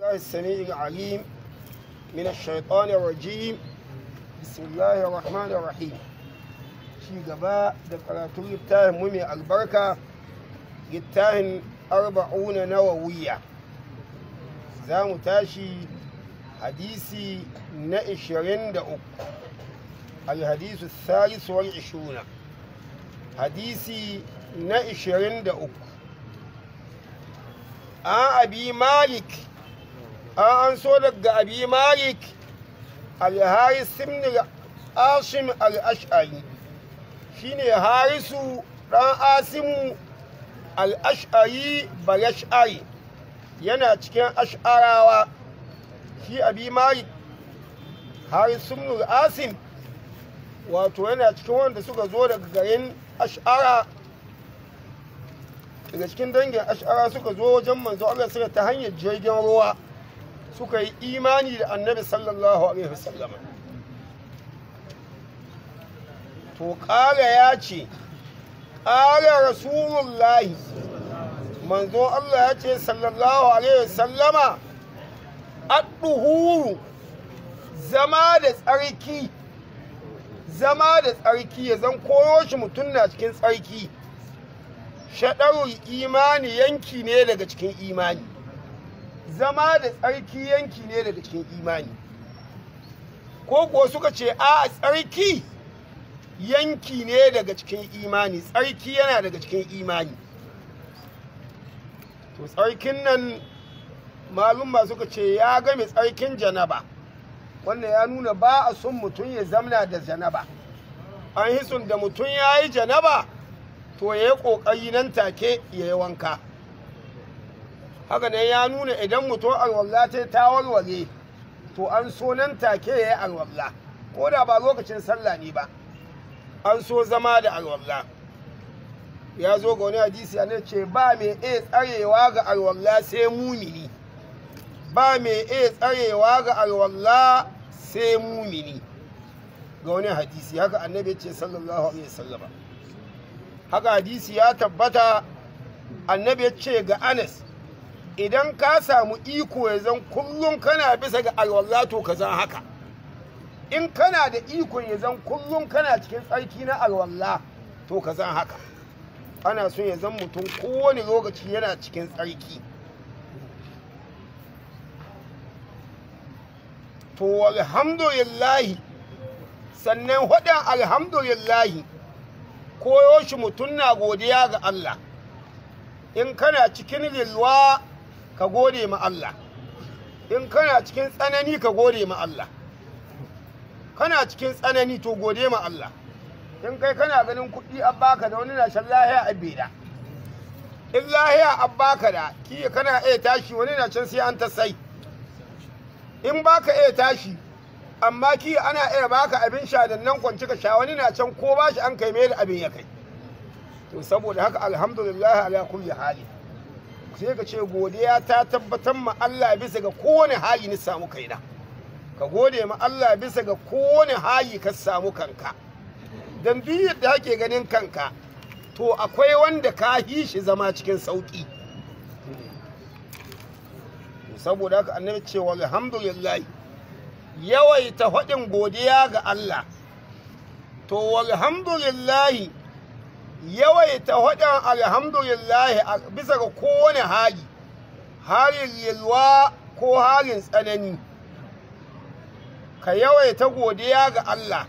الله السميع العليم من الشيطان الرجيم بسم الله الرحمن الرحيم شي غبا دكراتو يتاه ممي البركه يتاه 40 نوويه زامو تاشي حديثي نا 23 الحديث الثالث والعشرون حديثي نا 23 أبي مالك an an so daga abi malik al-haris ibn al-ash'ari shine harisu dan asimu al-ash'ari balash'ari yana cikin ash'arawa shi abi malik harisu ibn asim wato yana cikin wanda suka zo daga garin ash'ara daga cikin dangin ash'ara suka zo wajen manzo Allah suka ta hanyar jirgin ruwa suka yi imani da annabi sallallahu alaihi sallama to ƙara ya ce ƙara rasulullahi manzo Allah ya ce sallallahu alaihi wasallama adduhuru zama da tsarki zama da tsarki ya zan koyo shi mutum na cikin tsarki shaɗarul imani yanki ne daga cikin imani zama da tsarki yanki ne daga cikin imani ko kuwa suka ce a tsarki yanki ne daga cikin imani tsarki yana daga cikin imani to tsarkin nan malumma suka ce ya game tsarkin janaba wannan ya nuna ba a sun mutum ya zamna da janaba an hisun da mutum ya yi janaba to ya yi ƙoƙari nan take ya yi wanka haka ne ya nuna idan mutum alwalla ta ta warware to an so nan take ya yi alwalla ko da ba lokacin sallah ne ba an so zama da alwalla ya zo ga wani hadisi ya ce ba mai iya tsarewa ga alwalla sai mumini ba mai iya tsarewa ga alwalla sai mumini ga wani hadisi haka annabi ce sallallahu alaihi wasallama haka hadisi ya tabbata annabi ce ga anas idan ka samu iko ya zan kullum kana bisa ga alwallato to ka zan haka in kana da iko ya zan kullum kana cikin tsarki na alwalla to ka zan haka ana son ya zan mutum kowane lokaci yana cikin tsarki to alhamdulillahi sannan hudun alhamdulillahi koyo shi mutum na godiya ga Allah in kana cikin lilwa ka gode ma Allah in kana cikin tsanani ka gode ma Allah kana cikin tsanani to gode ma Allah in kai kana ganin kuɗi an baka da wani nashin lahiya a beda in lahiya an baka da ki kana iya tashi wani nashin sai an ta sai in baka iya tashi amma ki ana iya baka abin sha da nan kwanci ka sha wani na can ko ba shi an kai mai da abin ya kai to saboda haka alhamdulillah ala kulli hali sai ka ce godiya ta tabbatar ma Allah bisa ga kowane hayi ni samu kaina ka gode ma Allah bisa ga kowane hayi ka samu kanka dan biyu da ake ganin kanka to akwai wanda ka yi shi zama cikin sauki saboda haka annabi ce wa alhamdulillah yawaita hadin godiya ga Allah to alhamdulillah yawaita hudun alhamdulillah bisa ga kowane hali halin yalwa ko halin tsanani ka yawaita godiya ga Allah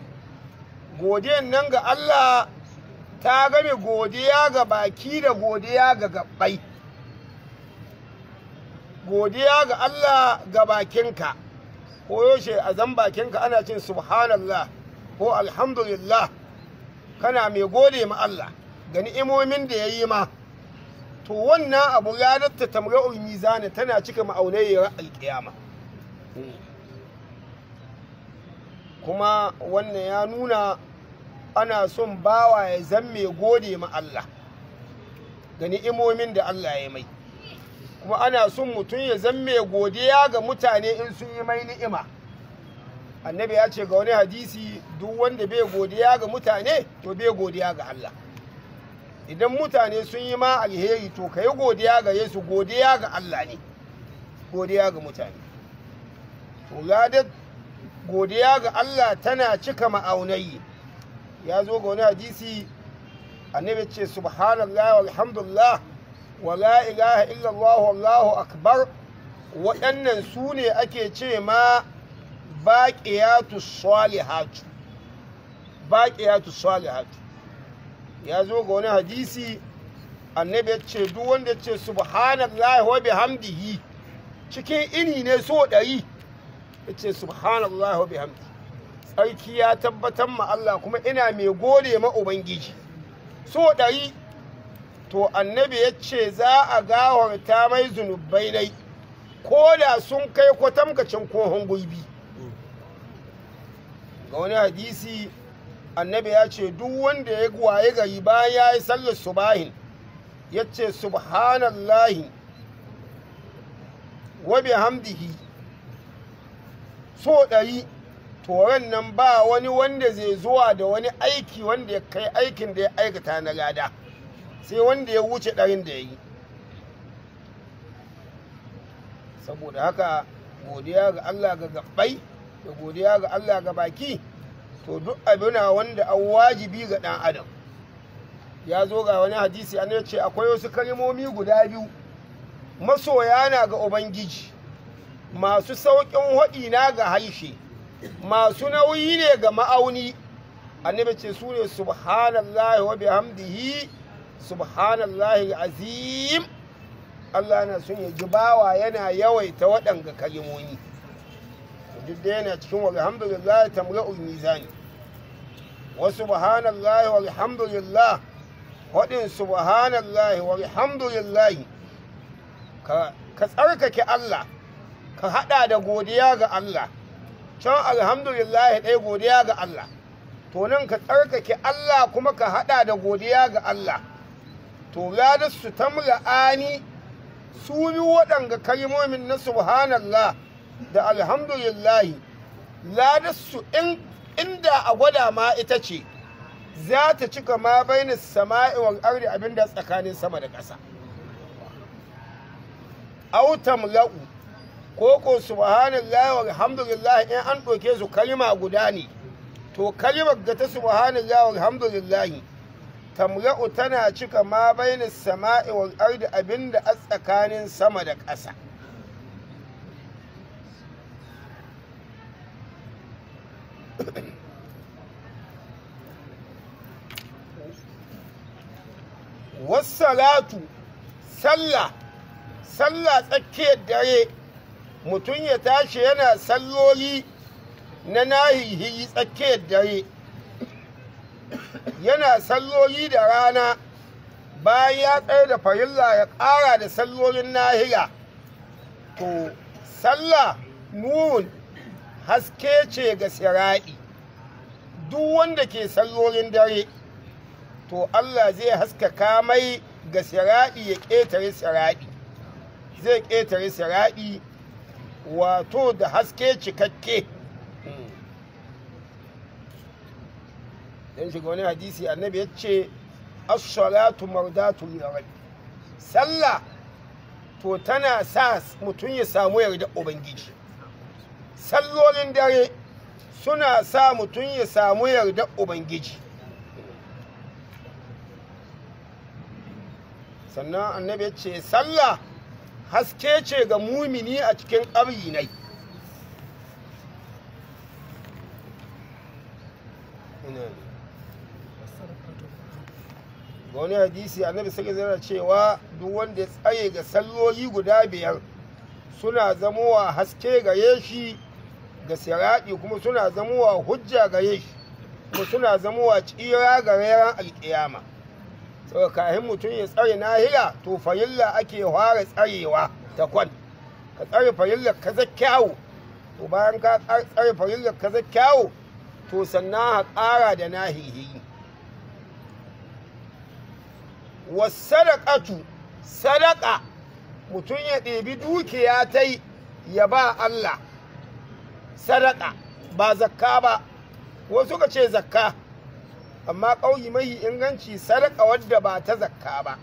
godiyan nan ga Allah ta gami godiya ga baki da godiya ga gabbai godiya ga Allah ga bakinka ko yaushe a zan bakinka ana cin subhanallah ko alhamdulillah kana mai gode ma Allah ga ni'imomin da ya yi ma to wannan abu ya datta tamra'ul zane tana cika ma'aunayyar alƙiyama kuma wannan ya nuna ana son bawa ya zamme gode ma Allah ga ni'imomin da Allah ya mai kuma ana son mutum ya zamme godiya ga mutane in sun yi mai ni'ima annabi ya ce ga wani hadisi duk wanda bai godiya ga mutane to bai godiya ga Allah idan mutane sun yi ma alheri to ka yi godiya ga yesu godiya ga allah ne godiya ga mutane to godiya ga allah tana cika ma'aunai ya zo ga wani hadisi annabi ce subhanallah walhamdulillah wa la ilaha illallah wallahu akbar waɗannan su ne ake ce ma baƙiyatu salihatu baƙiyatu salihatu ya zo ga wani hadisi annabi ya ce duk wanda ya ce subhanallahi wa bihamdihi cikin ini ne so ɗari ya ce subhanallahi wa bihamdihi tsarki ya tabbatar ma Allah kuma ina mai gode ma ubangiji so ɗari to annabi ya ce za a gawar ta mai zunubai nai ko da sun kai kwatamkacin kohon gulbi ga wani hadisi annabi ya ce duk wanda ya waye gari bayan ya yi sallar subahin ya ce subhanallahi wa bihamdihi so ɗari toron nan ba wani wanda zai zuwa da wani aiki wanda ya kai aikin da ya aikata na lada sai wanda ya wuce ɗarin da ya yi saboda haka godiya ga Allah ga gabbai da godiya ga Allah ga baki to duk abina wanda an wajibi ga ɗan adam ya zo ga wani hadisi an ce akwai wasu kalmomi guda biyu masoya na ga ubangiji masu sauƙin haɗi na ga haishe masu nauyi ne ga ma'auni annabi ce su ne subhanallahi wa bihamdihi subhanallahi azim Allah na sun yi bawa yana yawaita waɗanga kalmomi duk da yana cikin walhamdulillah tamra'ul mizani wa subhanallah walhamdulillah wadin subhanallah walhamdulillah ka ka tsarkake Allah ka hada da godiya ga Allah can alhamdulillah dai godiya ga Allah to nan ka tsarkake Allah kuma ka hada da godiya ga Allah to ladar su tamra'ani su yi waɗanga kalmomin na subhanallah da alhamdulillahi ladarsu inda a gwada ma ita ce za ta cika ma bainin sama'i wal ardi abinda tsakanin sama da ƙasa autam la'u ko ko subhanallahi walhamdulillah in an ɗauke su kalima guda ne to kalimar da ta subhanallahi walhamdulillah tamla'u tana cika ma bainin sama'i wal ardi abinda a tsakanin sama da ƙasa wassalatu sallah sallah tsakiyar dare mutum ya tashi yana salloli na nahihi tsakiyar dare yana salloli da rana bayan ya tsaye da farilla ya ƙara da sallolin nahiya to sallah nun haske ce ga sira'i duk wanda ke sallolin dare to Allah zai haskaka mai ga siraɗi ya ƙetare siraɗi zai ƙetare siraɗi wato da haske cikakke don shiga wani hadisi annabi ya ce as-salatu mardatu rabbi sallah to tana sa mutum ya samu yarda ubangiji sallolin dare suna sa mutum ya samu yarda ubangiji sannan annabi ce sallah haske ce ga mumini a cikin ƙabri nai ga wani hadisi annabi sai zara cewa duk wanda ya tsaye ga salloli guda biyar suna zamowa haske ga shi ga siraɗi kuma suna zamowa hujja ga shi kuma suna zamowa tsira ga ran alƙiyama to kafin mutum ya tsare nahiya to fayilla ake fara tsarewa ta kwan ka tsare fayilla ka zakkawo to bayan ka tsare fayilla ka zakkawo to sannan ha ƙara da nahihi wasadaƙatu sadaka mutum ya ɗebi dukiya ta yi ya ba Allah sadaka ba zakka ba wasu ka ce zakka amma ƙauyi mahi inganci sadaka wadda ba ta zakka ba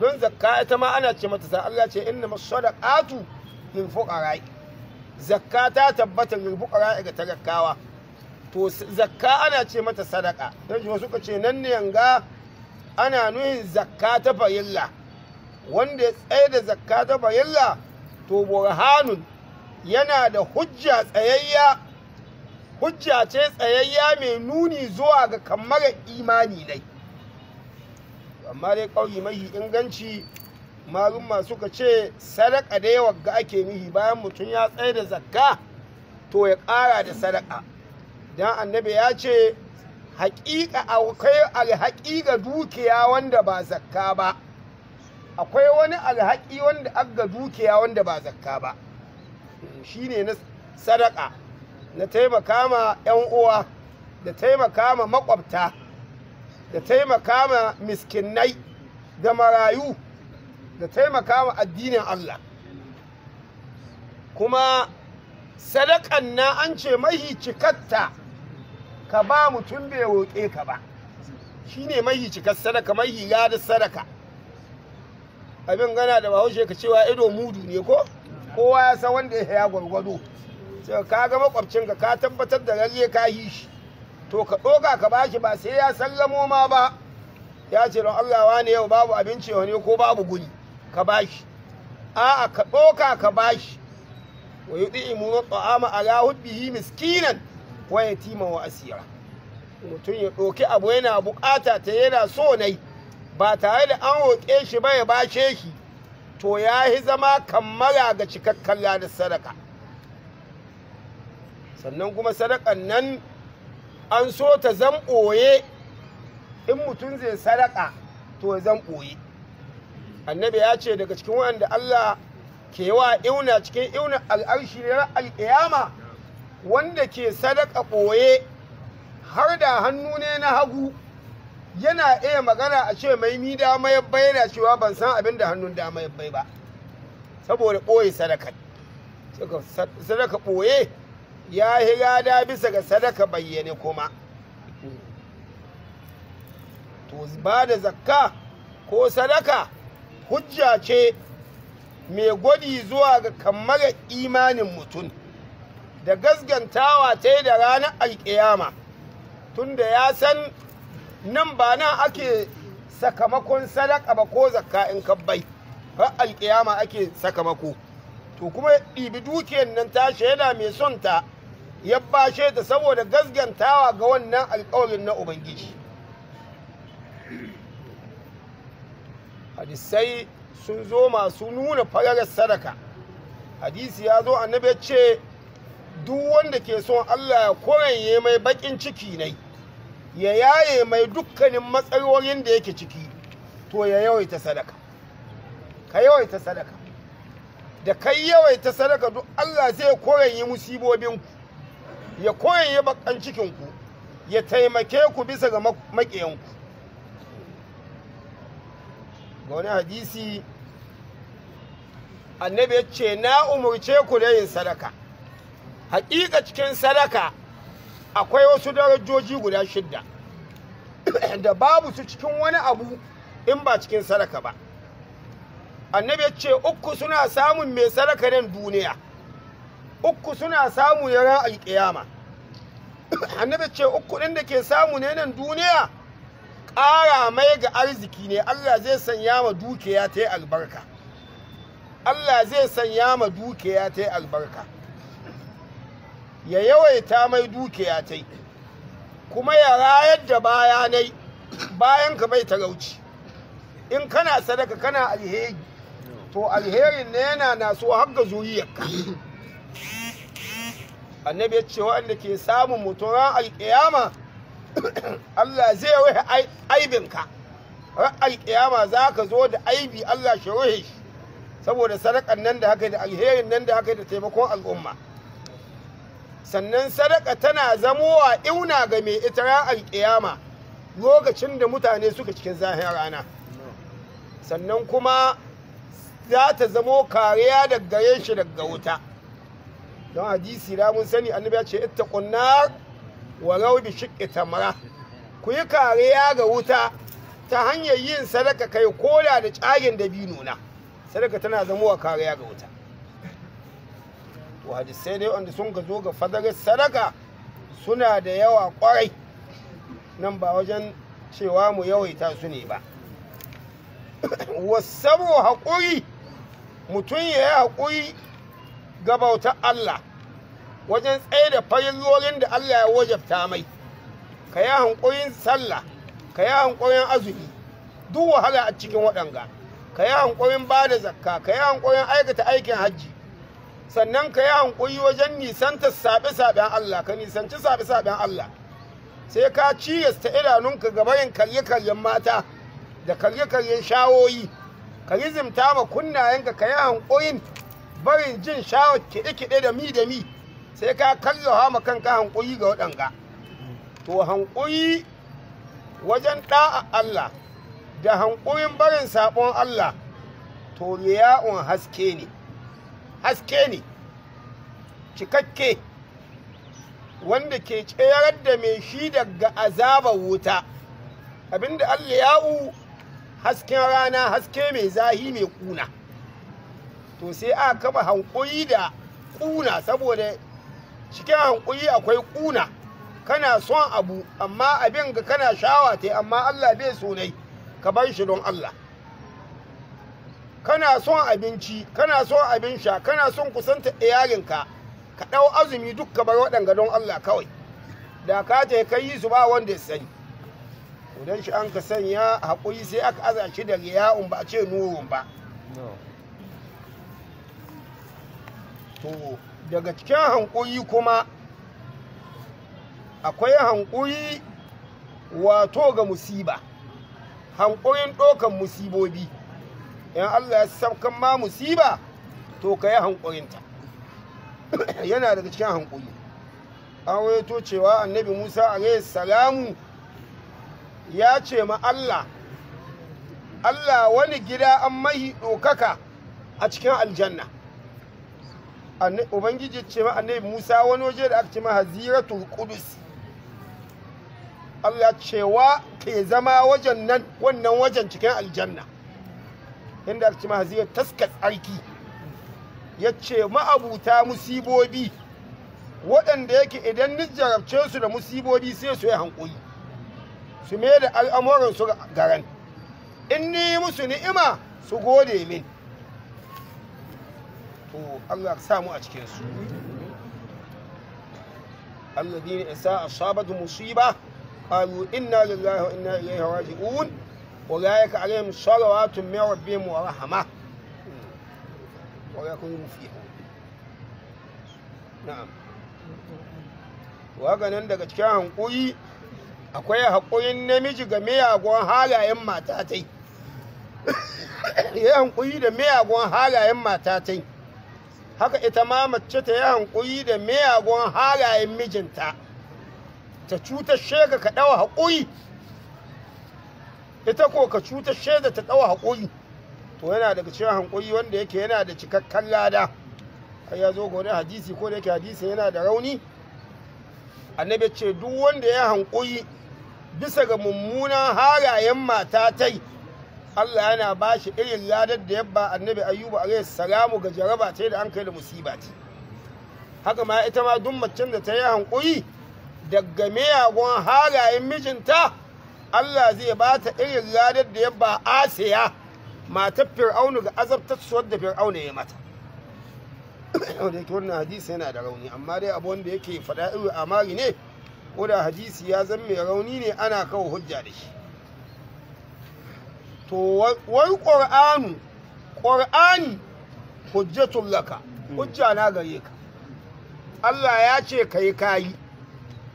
don zakka ita ma ana ce mata sa Allah ce inna masadaqatu lil fuqara'i zakka ta tabbata lil fuqara'i ga talakawa to zakka ana ce mata sadaka don shi suka ce nan ne yanga ana nuhin zakka ta fayilla wanda ya tsaye da zakka ta fayilla to burhanun yana da hujja tsayayya hujja ce tsayayya mai nuni zuwa ga kammara imani dai amma dai ƙauyi mahi inganci malumma suka ce sadaka da yawa ga ake nihi bayan mutum ya tsaye da zakka to ya ƙara da sadaka don annabi ya ce haƙiƙa akwai alhaƙi ga dukiya wanda ba zakka ba akwai wani alhaƙi wanda aga dukiya wanda ba zakka ba shine na sadaka na taimaka ma 'yan uwa da taimaka ma makwabta da taimaka ma miskinai da marayu da taimaka ma addinin Allah kuma sadakan na an ce mahi cikatta ka ba mutum bai roƙe ka ba shi ne mahi cikar sadaka mahi da sadaka abin gana da bahaushe ka cewa ido mudu ne ko kowa ya san wanda ya haya gwargwado sai ka ga makwabcinka ka tabbatar da lalle ka yi shi to ka ɗoka ka bashi ba sai ya sallamo ma ba ya ce don Allah wani yau babu abinci wani ko babu guri ka bashi a'a ka ɗoka ka bashi wa a ta'ama ala hubbihi miskinan wa yatiman wa asira mutum ya ɗoki abu yana buƙata ta yana so nai ba tare da an roƙe shi ba ya bashe shi to ya yi zama kammala ga cikakken ladar sadaka sannan kuma sadakan nan an so ta zan ɓoye in mutum zai sadaka to zan ɓoye annabi ya ce daga cikin waɗanda Allah ke wa iuna cikin iuna al'arshi na al'iyama, wanda ke sadaka ɓoye har da hannu ne na hagu yana iya magana a ce mai mi dama ya yana cewa ban san abin da hannun dama ya bai ba saboda ɓoye sadaka sadaka ɓoye ya yi gada bisa ga sadaka bayyane kuma to ba da zakka ko sadaka hujja ce mai gwadi zuwa ga kammara imanin mutum da gasgantawa ta yi da ranar alkiyama da ya san nan ba nan ake sakamakon sadaka ba ko zakka in kabbai har alkiyama ake sakamako to kuma ɗibi dukiyar nan ta yana mai son ta ya bashe ta saboda gaskantawa ga wannan alkawarin na ubangiji hadisai sun zo masu nuna fararar sadaka hadisi ya zo annabi ya ce duk wanda ke son allah ya koranye mai bakin ciki ne ya yaye mai dukkanin matsalolin da yake ciki to ya yawaita sadaka ka yawaita sadaka da kai yawaita sadaka duk allah zai koranye musibobinku ya koyaye bakan cikinku ya taimake ku bisa ga maƙiyanku ga wani hadisi annabi ya ce na umarce ku da yin sadaka haƙiƙa cikin sadaka akwai wasu darajoji guda shidda da babu su cikin wani abu in ba cikin sadaka ba annabi ya ce uku suna samun mai sadaka nan duniya uku suna samu ya ra'ayi kiyama annabi ce uku ɗin da ke samu ne nan duniya ƙara mai ga arziki ne Allah zai sanya ma dukiya ta yi albarka Allah zai sanya ma dukiya ta yi albarka ya yawaita mai dukiya ta yi kuma ya rayar da bayanai bayan ka bai talauci in kana sadaka kana alheri to alherin ne yana naso har ga zuriyarka annabi ya ce waɗanda ke samun mutum ran alƙiyama Allah zai rufe aibinka ran alƙiyama za ka zo da aibi Allah shi ruhe shi saboda sadakan nan da haka da alherin nan da haka da taimakon al'umma sannan sadaka tana zamowa iuna ga mai ita ran alƙiyama lokacin da mutane suka cikin zahin rana sannan kuma za ta zamo kariya daga gare shi daga wuta don hadisi da mun sani annabi ya ce ittaqun nar wa raw bi shiqqi ku yi kariya ga wuta ta hanyar yin sadaka kai koda da cagin dabino na sadaka tana zamowa kariya ga wuta to hadisai ne wanda sun zo ga fadarar sadaka suna da yawa kwarai nan ba wajen cewa mu yawaita su ne ba wasu haƙuri mutum ya yi haƙuri gabautar Allah wajen tsaye da farillorin da Allah ya wajabta mai ka yi hankoyin sallah ka yi hankoyin azumi duk wahala a cikin waɗanga ka yi hankoyin ba da zakka ka yi hankoyin aikata aikin hajji sannan ka yi hankoyi wajen nisanta saɓe-saɓen Allah ka nisanci saɓe-saɓen Allah sai ka ciyasta idanunka yin karye-karyen mata da karye-karyen shawoyi ka rizimta ma kunnayenka ka yi hankoyin barin jin shawar kiɗe-kiɗe da mi da mi sai ka karya ma kanka hankuri ga waɗanga to hankuri wajen ɗa'a Allah da hankurin barin saɓon Allah to riya'un haske ne haske ne cikakke wanda ke tserar da mai shi daga azabar wuta abinda Allah ya'u hasken rana haske mai zahi mai kuna. to sai aka kama hankuri da kuna saboda cikin hankuri akwai kuna kana son abu amma abin ga kana shawa ta amma Allah bai so nai ka bar shi don Allah kana son abinci kana son abin sha kana son kusanta iyalinka ka ɗau azumi duk ka bar waɗanga don Allah kawai da ka ta kai yi su ba wanda ya sani dan shi an ka sanya hakuri sai aka aza shi da riya'un ba a ce nurun ba to daga cikin hankoyi kuma akwai hankoyi wato ga musiba hankurin ɗaukan musibobi in Allah ya saukan ma musiba to ka yi hankurinta yana daga cikin hankoyi. an waito cewa annabi musa alayhi salamu ya ce ma Allah Allah wani gida an mahi ɗokaka a cikin aljanna ubangiji ce ma annabi musa wani waje da aka ce ma haziratul qudus Allah cewa ke zama wajen nan wannan wajen cikin aljanna inda aka ce ma haziratul taskat tsarki ya ce ma'abuta musibobi waɗanda yake idan ni su da musibobi sai su yi hankuli su mai da al'amuran su garan in ni musu ni'ima su gode min to Allah sa mu a cikin su alladhina isa asabatu musiba qalu inna lillahi wa inna ilaihi raji'un wa ulaika alayhim salawatu min rabbihim wa rahmah ولا يكونوا فيها na'am waga nan daga cikin hankuri akwai haƙurin namiji ga miyagun halayen matatai ya hankuri da miyagun halayen matatai haka ita ma mace ta yi hankuri da miyagun halayen mijinta ta cutar shega ka ɗawa haƙuri ita ko ka cutar shega ta ɗawa haƙuri to yana daga cewa hankuri wanda yake yana da cikakken lada har ya zo ga wani hadisi ko da yake hadisi yana da rauni annabi ce duk wanda ya hankuri bisa ga mummunan halayen matatai Allah yana ba shi irin ladar da yabba annabi ayyubu alaihi salamu ga jaraba ce da an kai da musiba ce haka ma ita ma duk macen da ta yi hankuri daga miyagun halayen mijinta Allah zai ba ta irin ladar da yabba asiya matar fir'aunu ga azabtar suwar da fir'aunu ya mata wanda yake wannan hadisi yana da rauni amma dai abu wanda yake faɗa iri amari ne ko da hadisi ya zama mai rauni ne ana kawo hujja da shi to wai ƙor'anu ƙor'ani hujjatun laka hmm. hujja na gare ka Allah ya ce ka yi kayi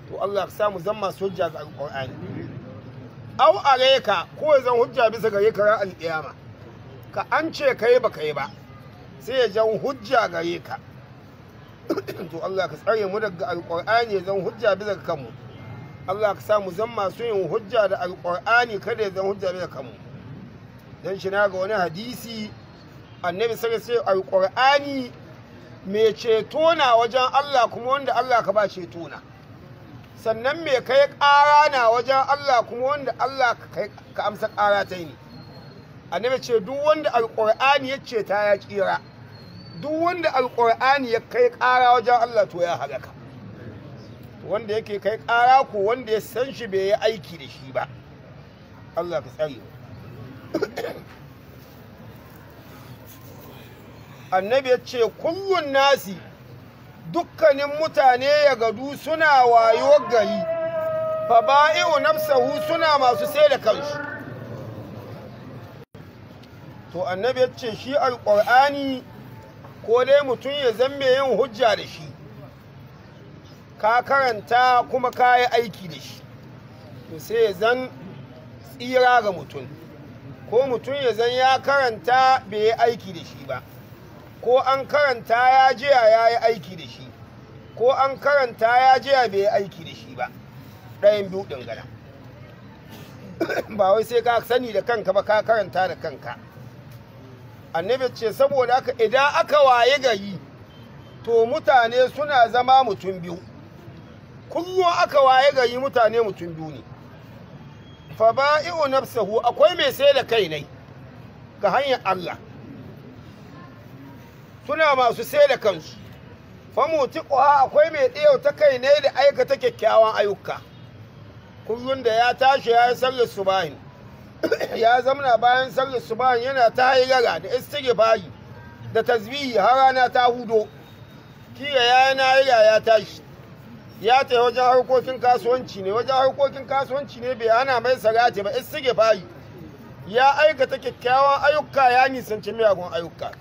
to Allah ka samu zan masu hujja ga a gare ka kowai zan hujja bisa gare ka ra'an alƙiyama ka an ce ka yi ba ka yi ba sai ya jan hujja gare ka to Allah ka tsare mu daga alƙur'ani zan hujja bisa kanmu Allah ka sa mu zan masu yin hujja da alƙur'ani kada ya zan hujja bisa kanmu don shi na ga wani hadisi annabi sai sai alqur'ani mai ceto na wajen Allah kuma wanda Allah ka ba ceto na sannan mai kai ƙara na wajen Allah kuma wanda Allah ka amsa ƙara ta yi annabi ce duk wanda alqur'ani ya ce ta ya kira duk wanda alqur'ani ya kai ƙara wajen Allah to ya halaka wanda yake kai ƙara ko wanda ya san shi bai yi aiki da shi ba Allah ka tsare annabi ya ce kullun nasi dukkanin mutane ya gadu suna wayo gari faba'i'u nafsahu suna masu sai da kansu to annabi ya ce shi alƙur'ani ko dai mutum ya zambe yin hujja da shi ka karanta kuma ka yi aiki da shi to sai ya zan tsira ga mutum ko mutum ya zan ya karanta bai yi aiki da shi ba ko an karanta ya jiya ya yi aiki da shi ko an karanta ya jiya bai yi aiki da shi ba ɗayan biyu ɗangana ba wai sai ka sani da kanka ba ka karanta da kanka annabi ce saboda haka idan aka waye gari to mutane suna zama mutum biyu kullum aka waye gari mutane mutum biyu ne fa ba'i'u nafsahu akwai mai sai da kai ne ga hanyar Allah suna masu sai da kansu famutiƙuha akwai mai ɗiyau ta kai ne da aikata kyakkyawan ayyuka kullum da ya tashi ya yi sallar subahin ya zamna bayan sallar subahin yana ta haigara da istighfari da tasbihi har rana ta hudo Kira ya yi ya tashi ya ta wajen harkokin kasuwanci ne wajen harkokin kasuwanci ne bai ana mai sarati ba ke bayi ya aikata kyakkyawan ayyuka ya nisanci miyagun ayyuka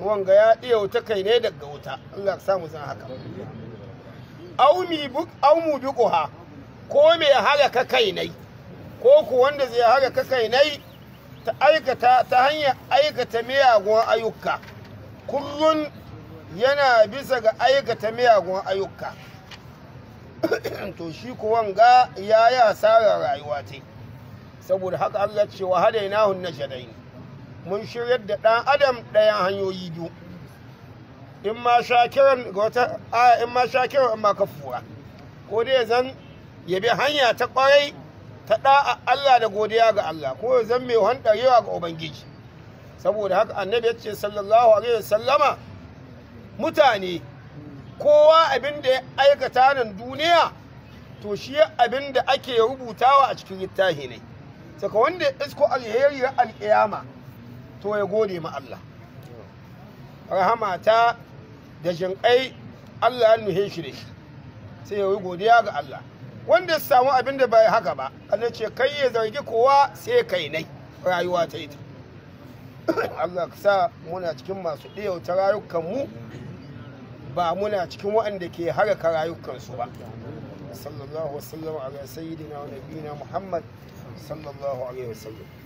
wanga ya iya wuta kai ne daga wuta Allah sa mu san haka aumi buk aumu biquha ko me ka kai nai ko ku wanda zai ka kai nai ta aikata ta hanyar aikata miyagun ayyuka kullun yana bisa ga aikata miyagun ayyuka to shi kuwan ga ya yi asarar rayuwa ta saboda haka Allah ce wa hada na hunna shadai mun shiryar da ɗan adam ɗayan hanyoyi biyu in ma shakiran ga wata aya in ma shakiran in ma kafura ko dai zan ya bi hanya ta kwarai ta ɗa'a Allah da godiya ga Allah ko ya zan mai hanɗarewa ga Ubangiji saboda haka annabi ya ce sallallahu alaihi wasallama mutane kowa abin da ya aikata nan duniya to shi abin da ake rubutawa a cikin littafi ne saka wanda isko alheri al'iyama. to ya gode ma Allah rahamata da jinƙai Allah ya nuhe shi sai ya yi godiya ga Allah wanda ya samu abin da bai haka ba Allah ce kai ya zargi kowa sai kai nai rayuwa ta ita Allah ka sa muna cikin masu rayukan mu. ba muna cikin waɗanda ke haraka rayukansu ba sallallahu wasallam ga sayyidina wa nabiyina muhammad sallallahu alaihi wasallam